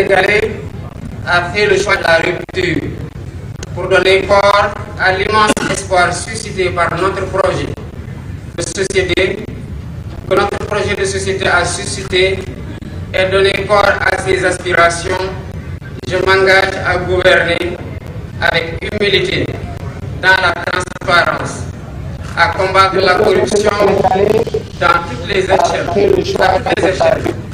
sénégalais a fait le choix de la rupture pour donner corps à l'immense espoir suscité par notre projet de société, que notre projet de société a suscité et donner corps à ses aspirations. Je m'engage à gouverner avec humilité, dans la transparence, à combattre la corruption dans Dans toutes les échelles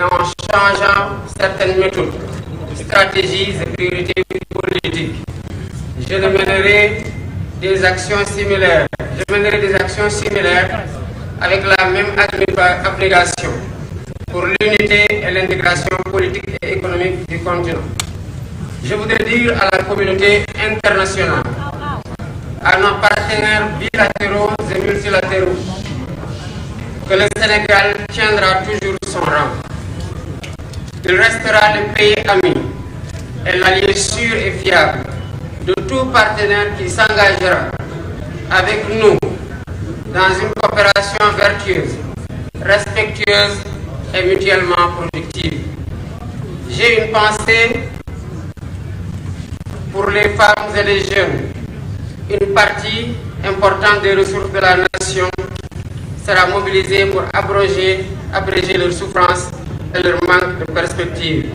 et en changeant certaines méthodes, stratégies et priorités politiques. Je mènerai mènerai des actions similaires avec la même application pour l'unité et l'intégration politique et économique du continent. Je voudrais dire à la communauté internationale, à nos partenaires bilatéraux et multilatéraux, que le Sénégal tiendra toujours son rang. Il restera le pays ami et l'allié sûr et fiable de tout partenaire qui s'engagera avec nous dans une coopération vertueuse, respectueuse et mutuellement productive. J'ai une pensée pour les femmes et les jeunes. Une partie importante des ressources de la nation sera mobilisée pour abréger leurs souffrances et leur manque de perspective.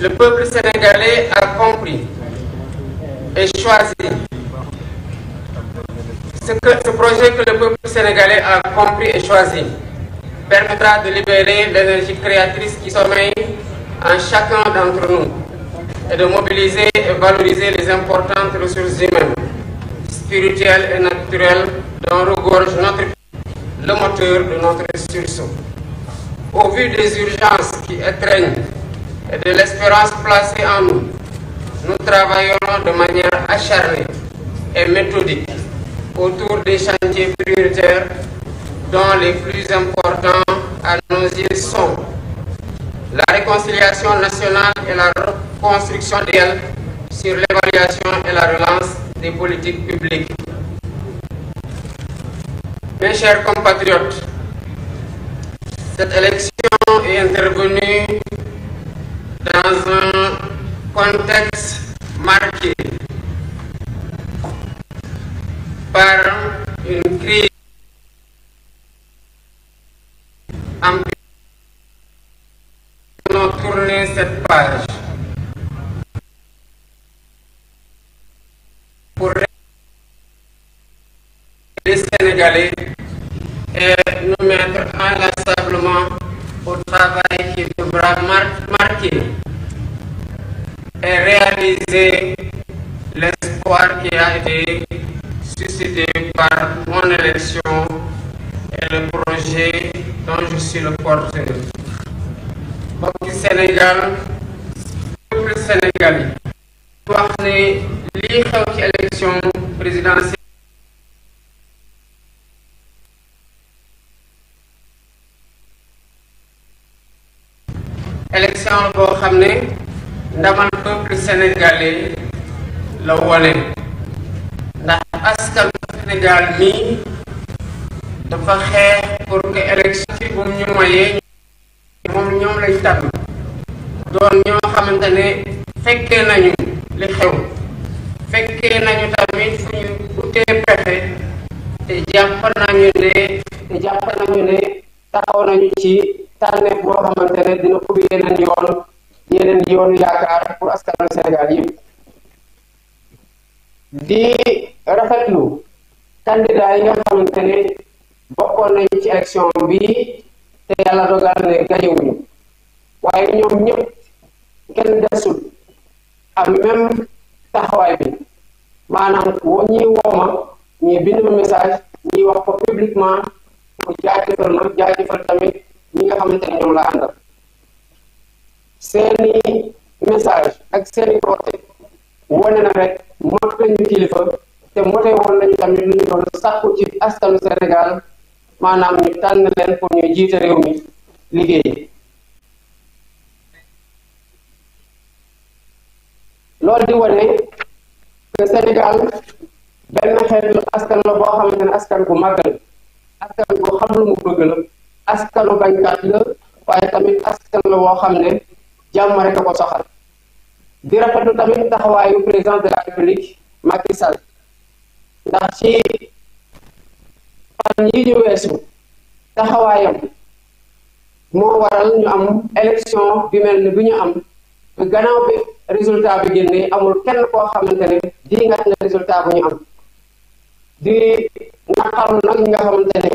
Le peuple sénégalais a compris et choisi ce, projet que le peuple sénégalais a compris et choisi permettra de libérer l'énergie créatrice qui sommeille en chacun d'entre nous et de mobiliser et valoriser les importantes ressources humaines, spirituelles et naturelles dont regorge notre le moteur de notre sursaut. au vu des urgences qui étreignent et de l'espérance placée en nous, nous travaillerons de manière acharnée et méthodique autour des chantiers prioritaires dont les plus importants à nos yeux sont la réconciliation nationale et la reconstruction d'elle sur l'évaluation et la relance des politiques publiques. Mes chers compatriotes, Cette élection est intervenue dans un contexte marqué par une crise ambiante. tourner cette page pour les et nous mettre en la travail qui devra marquer et réaliser l'espoir qui a été suscité par mon élection et le projet dont je suis le porteur. Sénégal peuple sénégalais wax ne lii xew ci élection boo xam ne ndamal peuple sénégalais la wone ndax askan Sénégal mii dafa xeex pour que élection bu ñu mayee moom ñoom lañ tànn doon ñoo xamante ne fekkee nañu li xew fekkee nañu tamit fu ñu utee pexe te jàpp nañu ne te jàpp nañu ne taxaw nañu ci tànneef boo xamante ne dina ubbi yeneen yoon yeneen yoon yaakaar pour askanu Sénégal yëpp di rafetlu candidat yi nga xamante ne bokkoon nañ ci élection bi te yàlla dogal ne gañewuñu waaye ñoom ñëpp kenn desul am même taxawaay bi maanaam woo wooma ñii bind ma message ñii wax ko publiquement pour jaajëfal ma jaajëfal tamit ñi nga xamante ne ñoom la àndal seeni message ak seeni porté wane na rek mot lañu kilifa te mote woon nañu tamit lu doon sàkku ci askanu Sénégal maanaam ñu tànn leen pour ñuy jiite réew mi liggéey loolu di wane que Sénégal benn xeetu askan la boo xamante ne askan bu màgg askan bu xam lu mu bëgg la askanu bañkat la waaye tamit askan la woo xam ne jàmm rek a ko soxal di rafetlu tamit taxawaayu président de la république Macky Sall ndax ci fan yi ñu weesu taxawaayam moo waral ñu am élection bi mel ni bi ñu am gannaaw bi résultat bi génne amul kenn koo xamante ne di ngat ne résultat bu ñu am di naqaru nag ñi nga xamante ne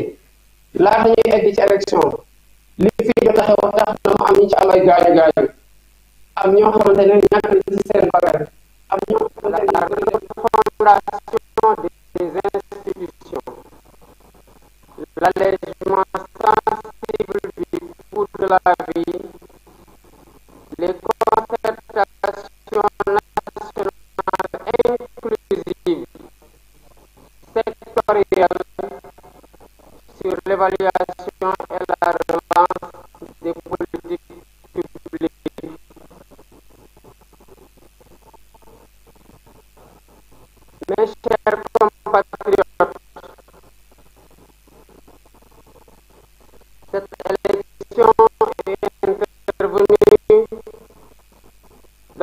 laata ñuy egg ci élection li fi jot a xew tax na mu am ñu ci am ay gaañu gaañu am ñoo xamante ne ñàkk na ci seen bakkan fondation des institutions l'allègement sensible du coût la vie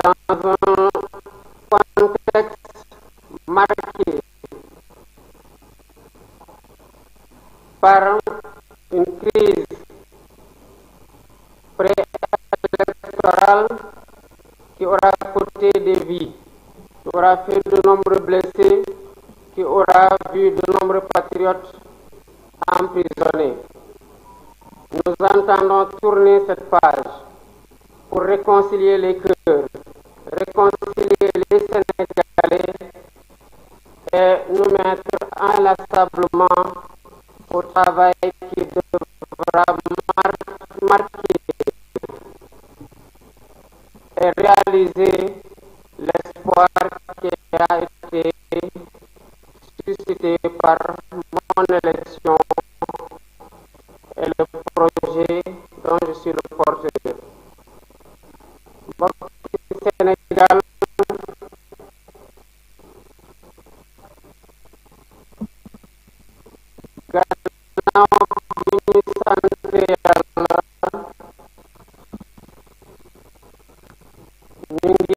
dans un contexte marqué par une crise préélectorale qui aura coûté des vies, qui aura fait de nombreux blessés, qui aura vu de nombreux patriotes emprisonnés. Nous entendons tourner cette page pour réconcilier les cœurs, retrouver l'espoir qui a été suscité par